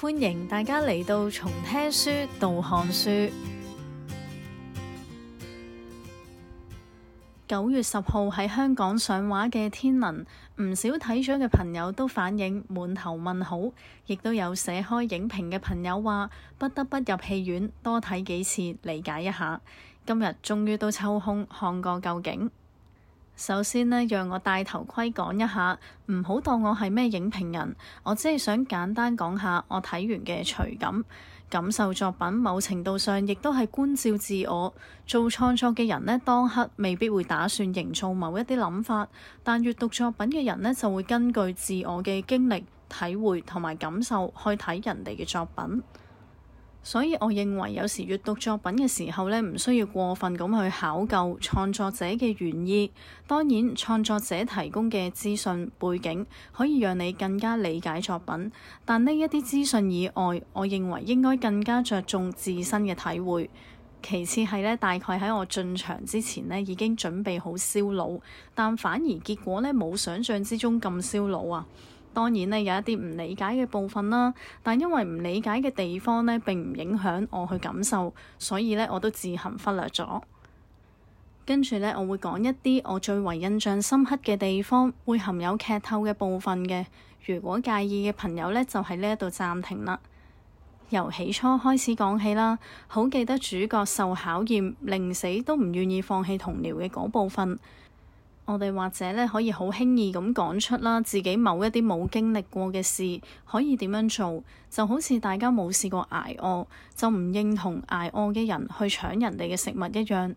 歡迎大家嚟到從聽書到看書。九月十號喺香港上畫嘅《天能》，唔少睇咗嘅朋友都反映滿頭問號，亦都有寫開影評嘅朋友話不得不入戲院多睇幾次理解一下。今日終於都抽空看過究竟。首先呢，讓我戴頭盔講一下，唔好當我係咩影評人，我只係想簡單講下我睇完嘅隨感感受。作品某程度上亦都係觀照自我。做創作嘅人呢，當刻未必會打算營造某一啲諗法，但閲讀作品嘅人呢，就會根據自我嘅經歷、體會同埋感受去睇人哋嘅作品。所以，我認為有時閱讀作品嘅時候咧，唔需要過分咁去考究創作者嘅原意。當然，創作者提供嘅資訊背景可以讓你更加理解作品，但呢一啲資訊以外，我認為應該更加着重自身嘅體會。其次係咧，大概喺我進場之前呢已經準備好燒腦，但反而結果呢，冇想象之中咁燒腦啊！當然咧，有一啲唔理解嘅部分啦，但因為唔理解嘅地方咧並唔影響我去感受，所以咧我都自行忽略咗。跟住咧，我會講一啲我最為印象深刻嘅地方，會含有劇透嘅部分嘅。如果介意嘅朋友呢，就喺呢一度暫停啦，由起初開始講起啦。好記得主角受考驗，寧死都唔願意放棄同僚嘅嗰部分。我哋或者咧可以好輕易咁講出啦，自己某一啲冇經歷過嘅事，可以點樣做？就好似大家冇試過捱餓，就唔認同捱餓嘅人去搶人哋嘅食物一樣。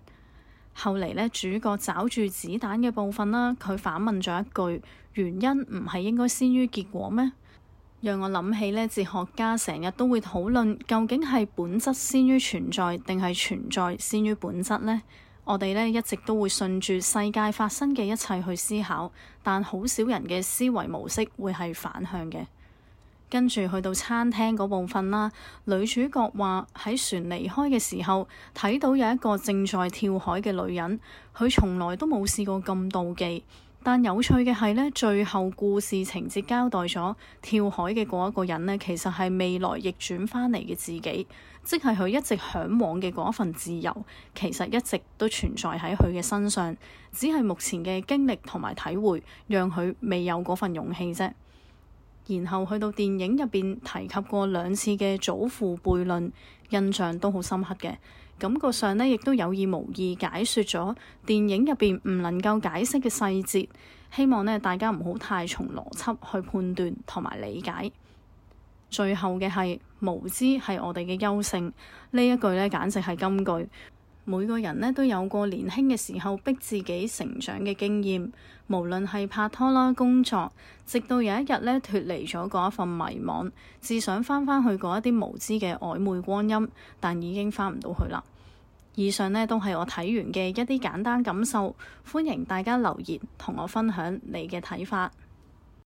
後嚟咧，主角捉住子彈嘅部分啦，佢反問咗一句：原因唔係應該先於結果咩？讓我諗起咧，哲學家成日都會討論，究竟係本質先於存在，定係存在先於本質呢？我哋呢，一直都會順住世界發生嘅一切去思考，但好少人嘅思維模式會係反向嘅。跟住去到餐廳嗰部分啦，女主角話喺船離開嘅時候睇到有一個正在跳海嘅女人，佢從來都冇試過咁妒忌。但有趣嘅係咧，最後故事情節交代咗跳海嘅嗰一個人，呢其實係未來逆轉返嚟嘅自己，即係佢一直向往嘅嗰一份自由，其實一直都存在喺佢嘅身上，只係目前嘅經歷同埋體會，讓佢未有嗰份勇氣啫。然後去到電影入邊提及過兩次嘅祖父悖論，印象都好深刻嘅，感覺上呢，亦都有意無意解説咗電影入邊唔能夠解釋嘅細節。希望呢，大家唔好太從邏輯去判斷同埋理解。最後嘅係無知係我哋嘅優勝呢一句呢，簡直係金句。每個人呢都有過年輕嘅時候，逼自己成長嘅經驗，無論係拍拖啦、工作，直到有一日呢脫離咗嗰一份迷惘，只想返返去嗰一啲無知嘅曖昧光陰，但已經返唔到去啦。以上呢都係我睇完嘅一啲簡單感受，歡迎大家留言同我分享你嘅睇法。